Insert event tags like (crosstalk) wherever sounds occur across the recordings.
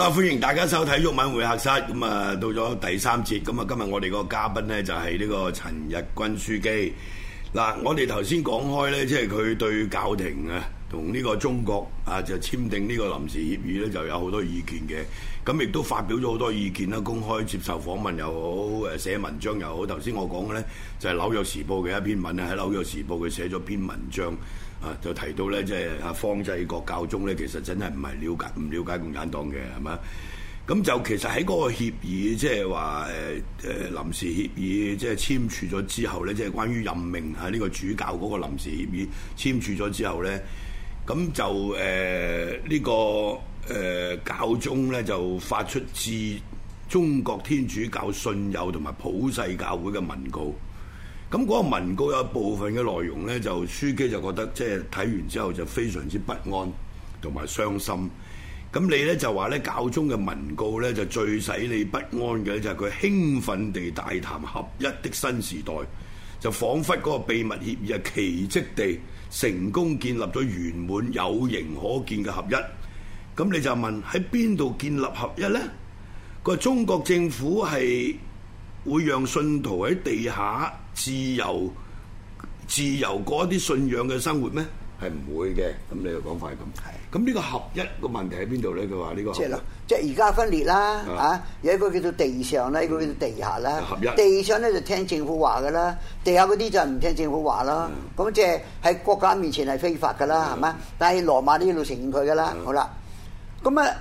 好啦，歡迎大家收睇《毓民會客室》。咁啊，到咗第三節。咁啊，今日我哋個嘉賓咧就係呢個陳日君樞機。嗱，我哋頭先講開咧，即係佢對教廷啊。同呢個中國啊，就簽訂呢個臨時協議咧，就有好多意見嘅。咁亦都發表咗好多意見啦，公開接受訪問又好，誒寫文章又好。頭先我講嘅咧，就係、是《紐約時報》嘅一篇文咧，喺《紐約時報》佢寫咗篇文章啊，就提到咧、就是，即係方濟各教宗咧，其實真係唔係了解唔了解共產黨嘅係嘛？咁就其實喺嗰個協議，即係話臨時協議，即係簽署咗之後咧，即、就、係、是、關於任命喺呢個主教嗰個臨時協議簽署咗之後咧。咁就誒呢、呃這個誒、呃、教宗咧就發出致中國天主教信友同埋普世教會嘅文告，咁嗰個文告有一部分嘅內容咧，就樞機就覺得即係睇完之後就非常之不安同埋傷心。咁你咧就話咧教宗嘅文告咧就最使你不安嘅就係佢興奮地大談合一的新時代，就仿佛嗰個秘密協議係奇蹟地成功建立咗圓滿有形可見嘅合一，咁你就問喺邊度建立合一咧？個中國政府係會讓信徒喺地下自由自由過一啲信仰嘅生活咩？係唔會嘅，咁你就講法咁。係，咁呢個合一個問題喺邊度咧？佢話呢個即係啦，即係而家分裂啦，嚇、啊、有一個叫做地上咧，一個叫做地下啦、嗯。地上咧就聽政府話嘅啦，地下嗰啲就唔聽政府話啦。咁即係喺國家面前係非法嘅啦，係嘛？但係羅馬呢度承認佢嘅啦。好啦，咁啊，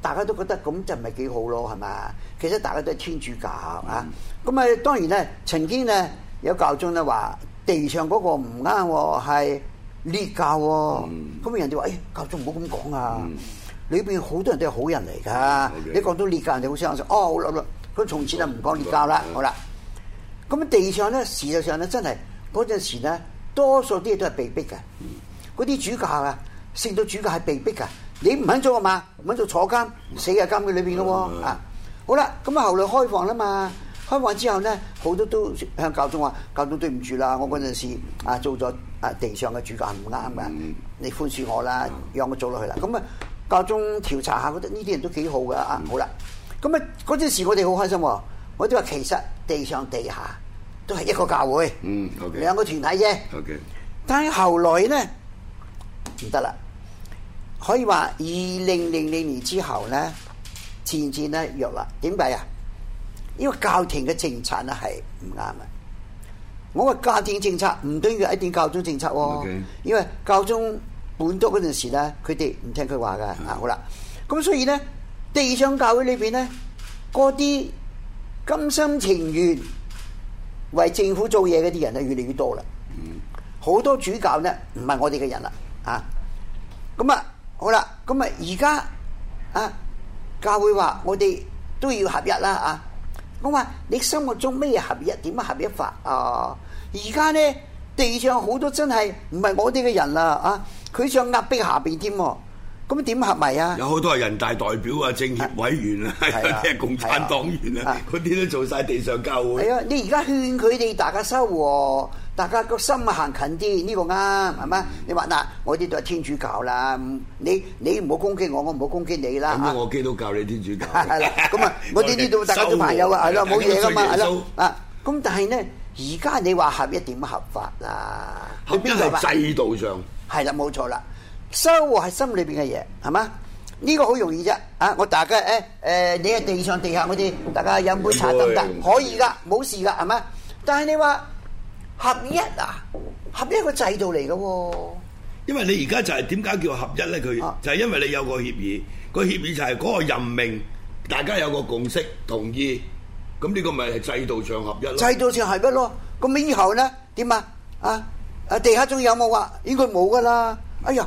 大家都覺得咁就唔係幾好咯，係嘛？其實大家都係天主教、嗯、啊。咁啊，當然咧，曾經咧有教宗咧話。地上嗰個唔啱喎，係裂教喎，咁、嗯、人哋話：，哎，教宗唔好咁講啊！裏邊好多人都係好人嚟噶，okay. 你講到裂教，人哋好傷心。哦，好啦好啦，佢從此就唔講裂教啦，好啦。咁地上咧，事實上咧，真係嗰陣時咧，多數啲嘢都係被逼嘅。嗰啲主教啊，升到主教係被逼噶，你唔肯做啊嘛，唔肯做坐監，死喺監嘅裏邊噶喎。啊，好啦，咁啊後來開放啦嘛。開完之後咧，好多都向教宗話：教宗對唔住啦，我嗰陣時啊做咗啊地上嘅主教唔啱噶，你寬恕我啦，讓我做落去啦。咁啊，教宗調查下，覺得呢啲人都幾好噶啊、嗯。好啦，咁啊嗰陣時我哋好開心，我哋話其實地上地下都係一個教會，嗯，兩個團體啫，okay, okay。Okay. 但係後來咧唔得啦，可以話二零零零年之後咧，漸漸咧弱啦，點解啊？因為教廷嘅政策咧係唔啱嘅。我話教廷政策唔等於一段教宗政策，okay. 因為教宗本篤嗰陣時咧，佢哋唔聽佢話噶。嗱、嗯，好啦，咁所以咧，地上教會裏邊咧，嗰啲甘心情願為政府做嘢嗰啲人咧，越嚟越多啦。好、嗯、多主教咧唔係我哋嘅人啦。啊，咁啊，好啦，咁啊，而家啊，教會話我哋都要合一啦啊！我話你心目中咩合一？點合一法啊？而家咧，地上好多真係唔係我哋嘅人啦啊！佢仲壓迫下邊添，咁點合埋啊？有好多係人大代表啊、政協委員啊、啲共產黨員啊，嗰啲都做晒地上教會。係啊！你而家勸佢哋大家修和。大家個心行近啲，呢個啱係嗎？你話嗱，我呢度係天主教啦，你你唔好攻擊我，我唔好攻擊你啦。我基督教你天主教，係啦。咁啊，我哋呢度大家都朋友啊，係咯，冇嘢噶嘛，係咯。啊，咁但係呢，而家你話合一點合法啊？喺邊制度上？係啦，冇錯啦。修和係心裏邊嘅嘢，係嗎？呢個好容易啫。啊，我大家誒誒、呃，你係地上地下，我哋大家飲杯茶得唔得？可以噶，冇事噶，係嗎？但係你話。合一啊，合一,一個制度嚟噶。啊，因為你而家就係點解叫合一咧？佢就係因為你有個協議，個、啊、協議就係嗰個任命，大家有個共識同意，咁呢個咪係制度上合一咯？制度上合一咯，咁咪以後咧點啊？啊啊地下仲有冇、哎、啊？應該冇噶啦。哎呀，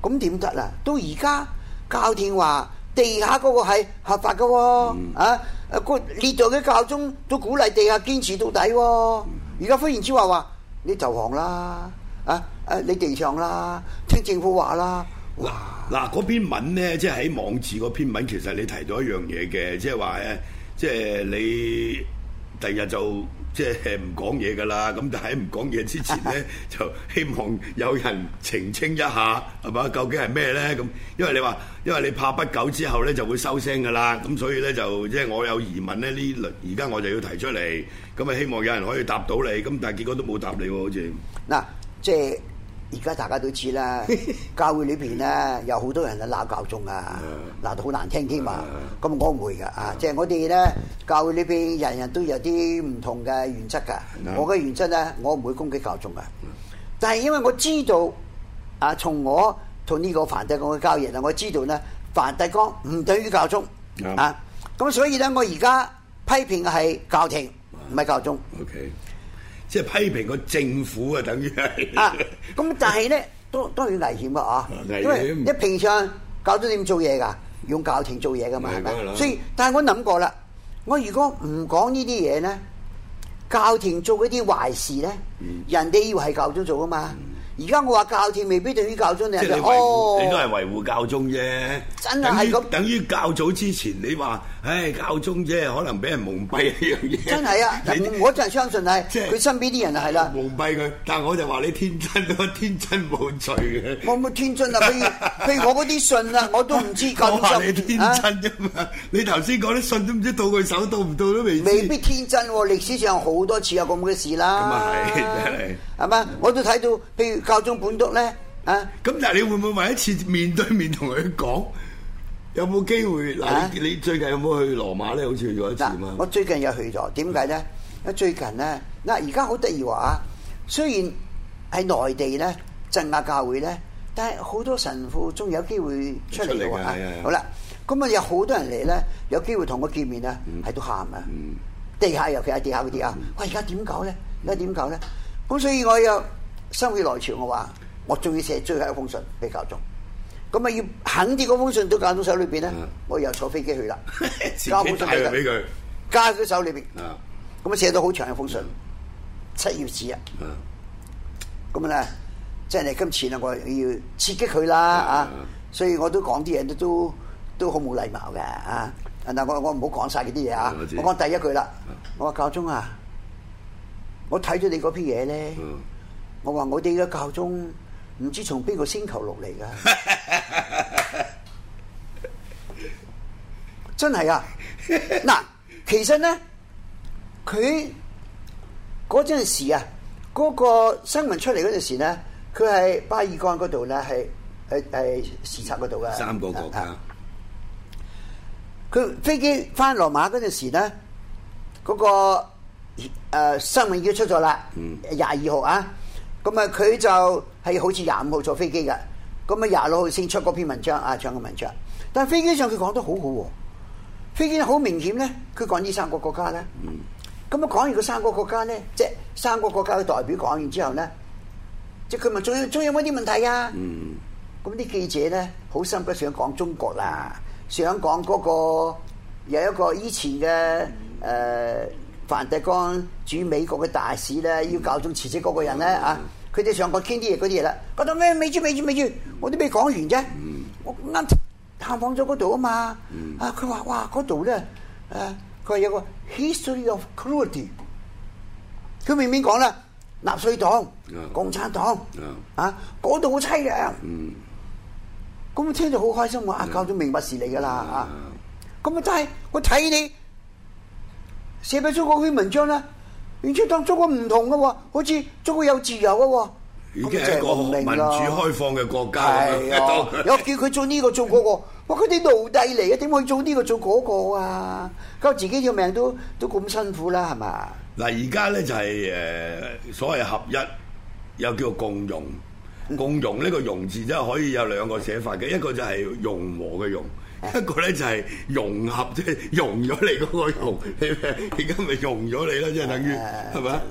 咁點得啦？到而家教廷話地下嗰個係合法噶，啊嗯，啊啊個歷代嘅教宗都鼓勵地下堅持到底，啊。而家忽然之話話你投降啦，啊誒，你地上啦，聽政府話啦。嗱，嗱嗰篇文咧，即係喺網誌嗰篇文，其實你提到一樣嘢嘅，即係話咧，即係你第日就。即係唔講嘢㗎啦，咁但係唔講嘢之前呢，就希望有人澄清一下，係 (laughs) 嘛？究竟係咩呢？咁因為你話，因為你怕不久之後呢就會收聲㗎啦，咁所以呢，就即係我有疑問呢，呢輪而家我就要提出嚟，咁啊希望有人可以答到你，咁但結果都冇答你喎，好似。嗱，即係。而家大家都知啦，教會裏邊咧有好多人啊鬧教宗啊，鬧到好難聽添嘛。咁、uh, uh, 我唔會噶啊，即、uh, 係我哋咧教會裏邊人人都有啲唔同嘅原則噶。Uh, 我嘅原則咧，我唔會攻擊教宗噶。Uh, 但係因為我知道啊，從我同呢個梵蒂岡嘅交易啦，我知道咧梵蒂岡唔等於教宗啊。咁、uh, uh, 所以咧，我而家批評嘅係教廷，唔係教宗。Uh, okay. 即係批評個政府啊，等於係啊！咁但係咧，都當然危險嘅啊。哦。危險，因為一平常教宗點做嘢㗎？用教廷做嘢㗎嘛，係咪？所以，但係我諗過啦，我如果唔講呢啲嘢咧，教廷做嗰啲壞事咧，人哋以為係教宗做啊嘛。嗯。而家我話教條未必對於教宗嚟講，哦，你都係維護教宗啫。真係係咁，等於教早之前你話，唉，教宗啫，可能俾人蒙蔽一樣嘢。真係啊，我就係相信係，佢、就係、身邊啲人就係啦，蒙蔽佢。但係我就話你天真，天真冇罪嘅。我冇天真啊，譬如譬 (laughs) 如我嗰啲信啊，我都唔知究竟啊。講 (laughs) 你天真啫嘛、啊，你頭先講啲信都唔知到佢手到唔到都未知。未必天真、啊，歷史上好多次有咁嘅事啦、啊。咁啊係，真係。係嘛，我都睇到譬如。教宗本篤咧啊，咁但係，你會唔會揾一次面對面同佢講？有冇機會嗱？你你最近有冇去羅馬咧？好似嗰一次嘛。我最近又去咗，點解咧？因為最近咧，嗱而家好得意喎啊！雖然喺內地咧鎮壓教會咧，但係好多神父仲有機會出嚟嘅喎啊！好啦，咁啊有好多人嚟咧，有機會同我見面啊，喺度喊啊！地下尤其係地下嗰啲啊，我而家點搞咧？而家點搞咧？咁所以我又。心血來潮我說，我話我仲要寫最後一封信俾教宗，咁啊要肯定嗰封信都到教宗手裏邊咧、嗯，我又坐飛機去啦，交封信俾佢，加喺佢手裏邊。咁啊寫到好長嘅封信，嗯，七頁紙啊。咁啊咧，即係你今次啊，我要刺激佢啦啊，所以我都講啲嘢，都都好冇禮貌嘅啊。但係我我唔好講晒呢啲嘢啊，我講第一句啦。我話教宗啊，我睇咗你嗰篇嘢咧。嗯我話我哋嘅教宗唔知從邊個星球落嚟噶 (laughs) 真係啊！嗱，其實咧，佢嗰陣時啊，嗰、嗰個新聞出嚟嗰陣時咧，佢喺巴爾幹嗰度咧，係係係視察嗰度嘅三個國家。佢飛機翻羅馬嗰陣時咧，嗰、嗰個誒、呃、新聞已經出咗啦，廿二號啊！咁啊，佢就係好似廿五號坐飛機嘅，咁啊廿六號先出嗰篇文章啊，長嘅文章。但係飛機上佢講得好好，啊，飛機好明顯咧，佢講呢三個國家啦。咁啊講完個三個國家咧，即係三個國家嘅代表講完之後咧，即係佢咪仲有有乜啲問題啊？咁、嗯、啲記者咧，好心不想講中國啦，想講嗰、那個有一個以前嘅誒。呃梵蒂岡駐美國嘅大使咧，要教宗辭職嗰個人咧、嗯嗯、啊，佢哋上過傾啲嘢嗰啲嘢啦，講到咩美住美住美住，我都未講完啫、嗯，我啱探訪咗嗰度啊嘛，啊佢話哇嗰度咧，佢、啊、有個 history of cruelty，佢明明講啦，納粹黨、共產黨啊，度好凄涼，咁、嗯、我聽咗好開心，我教宗明白事理噶啦，咁、嗯、啊真係我睇你。寫俾中國啲文章咧，完全當中國唔同嘅喎，好似中國有自由嘅喎，已經係個民主開放嘅國家啦。係啊、 (laughs) 有叫佢做呢個做嗰個，哇，佢哋奴隸嚟啊，點可以做呢個做嗰個啊？咁自己條命都都咁辛苦啦，係嘛？嗱，而家咧就係誒所謂合一，又叫共融。共融呢個融字真係可以有兩個寫法嘅，一個就係融和嘅融。一個咧就係融合，即係融咗你嗰個融，而家咪融咗你啦，即係等於係咪？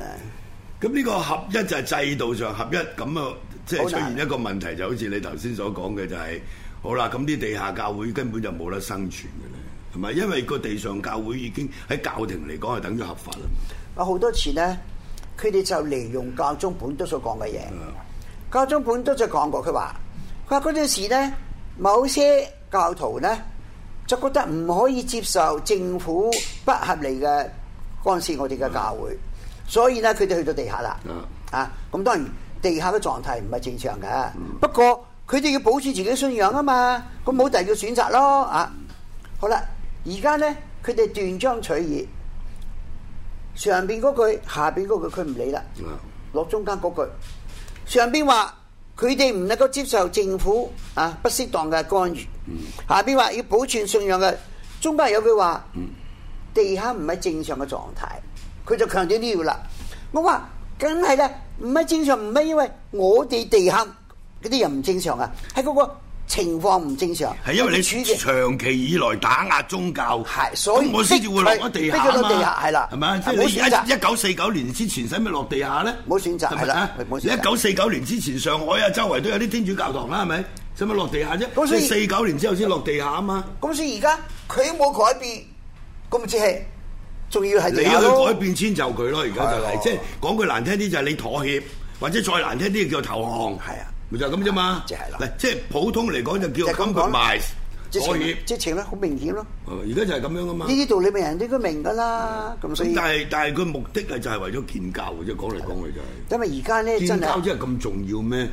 咁呢個合一就係制度上合一，咁啊，即係出現一個問題，就好似你頭先所講嘅，就係，好啦。咁啲地下教會根本就冇得生存嘅，係咪？因為個地上教會已經喺教廷嚟講係等於合法啦。啊，好多次咧，佢哋就利用教宗本篤所講嘅嘢。教宗本篤就講過，佢話佢話嗰陣時咧，某些。教徒咧就覺得唔可以接受政府不合理嘅干涉我哋嘅教會，所以咧佢哋去到地下啦。啊，咁當然地下嘅狀態唔係正常嘅。不過佢哋要保持自己信仰啊嘛，咁冇第二個選擇咯。啊，好啦，而家咧佢哋斷章取義，上邊嗰句下邊嗰句佢唔理啦。落中間嗰句，上邊話。佢哋唔能夠接受政府啊不適當嘅干預、嗯。下邊話要保存信仰嘅中國有句話、嗯，地下唔係正常嘅狀態，佢就強調呢條啦。我話梗係啦，唔係正常，唔係因為我哋地下嗰啲人唔正常啊，係嗰、嗰個。情況唔正常，係因為你長期以來打壓宗教，係所以我先至會落地下啊嘛。係啦，係咪啊？即係而家一九四九年之前使乜落地下咧？冇選擇係咪啊？一九四九年之前上海啊，周圍都有啲天主教堂啦，係咪使乜落地下啫？即係四九年之後先落地下啊嘛。咁所以而家佢冇改變，咁即係仲要係你要去改變遷就佢咯？而家就係即係講句難聽啲就係你妥協，或者再難聽啲叫投降。係啊。咪就係咁啫嘛，嗱、啊，即、就、係、是、普通嚟講就叫做 compromise 可以，即情咧好明顯咯。哦，而家就係咁樣噶嘛。呢啲道理咪人應該明噶啦，咁、嗯、所以。但係但係佢目的係就係為咗建交嘅啫，講嚟講去就係、是。因為而家咧真係建交真係咁重要咩？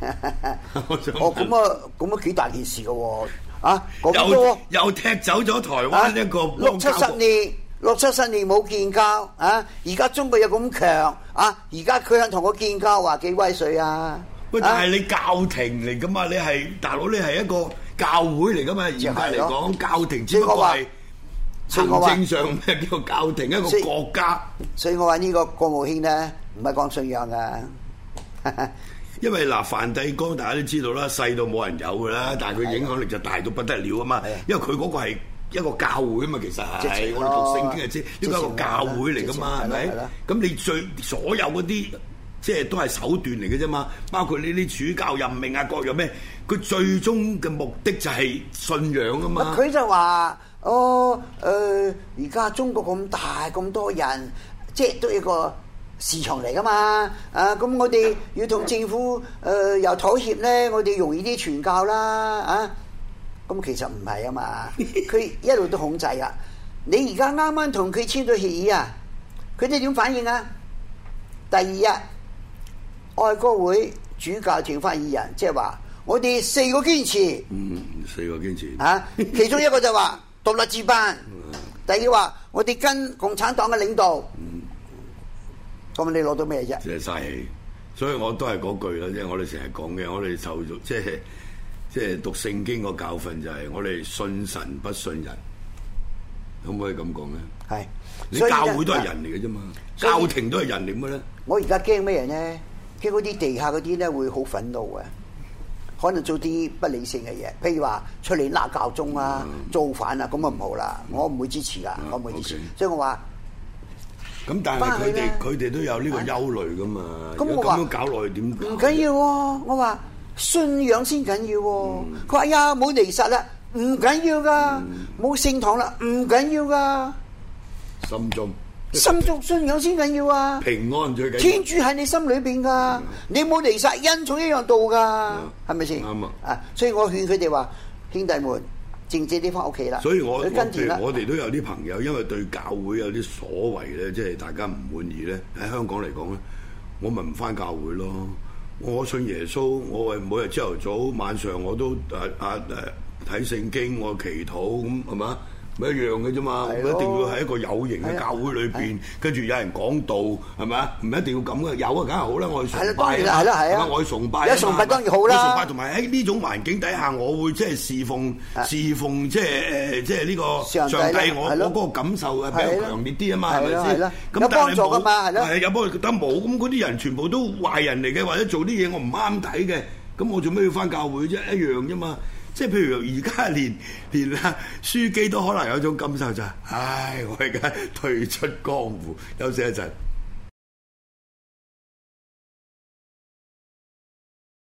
哦， (laughs) 咁啊，咁啊幾大件事噶喎、啊，啊又，又踢走咗台灣一個六七十年，六七十年冇建交啊，而家中國有咁強啊，而家佢肯同我建交話幾威水啊？喂，但係你是教廷嚟噶嘛？你係大佬，你係一個教會嚟噶嘛？嚴格嚟講，教廷只不過係行政上咩叫教廷，一個國家。所以我話呢個國務卿咧，唔係講信仰噶。 (laughs) 因為嗱，梵蒂岡大家都知道啦，細到冇人有噶啦，但係佢影響力就大到不得了啊嘛。因為佢嗰個係一個教會啊嘛，其實係我哋讀聖經係知，應該係、一個教會嚟噶嘛，係咪？咁、就是、你最所有嗰啲。即係都係手段嚟嘅啫嘛，包括呢啲主教任命啊，各樣咩？佢最終嘅目的就係信仰啊嘛。佢就話：哦，誒、呃，而家中國咁大咁多人，即係都係一個市場嚟噶嘛。啊，咁我哋要同政府誒、呃、又妥協咧，我哋容易啲傳教啦，啊，咁其實唔係啊嘛。佢一路都控制啊。 (laughs) 你而家啱啱同佢簽咗協議啊，佢哋點反應啊？第二日。愛國會主教團發言人，即係話我哋四個堅持，嗯，四個堅持啊，其中一個就話獨立自辦， (laughs) 第二話我哋跟共產黨嘅領導，咁、嗯、你攞到咩啫？即係嘥氣，所以我都係嗰句啦，即係我哋成日講嘅，我哋受即係即係讀聖經個教訓就係、是、我哋信神不信人，可唔可以咁講咧？係你教會都係人嚟嘅啫嘛，教廷都係人嚟嘅咧。我而家驚咩嘢呢？即嗰啲地下嗰啲咧，會好憤怒啊！可能做啲不理性嘅嘢，譬如話出嚟拉教宗啊、嗯、造反啊，咁啊唔好啦，我唔會支持噶、嗯，我唔會支持、啊。所以我話咁，但係佢哋佢哋都有呢個憂慮噶嘛。咁我話咁樣搞落去點？唔緊要，我話、啊、信仰先緊要、啊。佢、嗯、話、哎、呀，冇彌撒啦，唔緊要噶，冇、嗯、聖堂啦，唔緊要噶。心中。心足信仰先緊要啊！平安最緊要、啊，天主喺你心裏邊噶，你冇離晒恩寵一樣到噶，係咪先？啱啊！嗯、啊，所以我勸佢哋話：兄弟們，靜靜哋返屋企啦。所以我跟住我我哋都有啲朋友，因為對教會有啲所謂咧，即係大家唔滿意咧。喺香港嚟講咧，我咪唔返教會咯。我信耶穌，我係每日朝頭早、晚上我都啊啊睇聖、啊、經，我祈禱咁係嘛。咪一樣嘅啫嘛，我一定要喺一個有形嘅教會裏邊，跟住有人講道，係咪啊？唔一定要咁嘅，有啊，梗係好啦，我去崇拜啦，係啦係我崇拜啊崇拜當然好啦，我崇拜同埋喺呢種環境底下，我會即係侍奉、侍奉即係誒，即係呢個上帝我。我我個感受係比較強烈啲啊嘛，係咪先？有幫助啊嘛，係咯。係有幫，但冇咁嗰啲人全部都壞人嚟嘅，或者做啲嘢我唔啱睇嘅，咁我做咩要返教會啫？一樣啫嘛。即係譬如而家連連啊書記都可能有一種感受就係，唉，我而家退出江湖，休息一陣。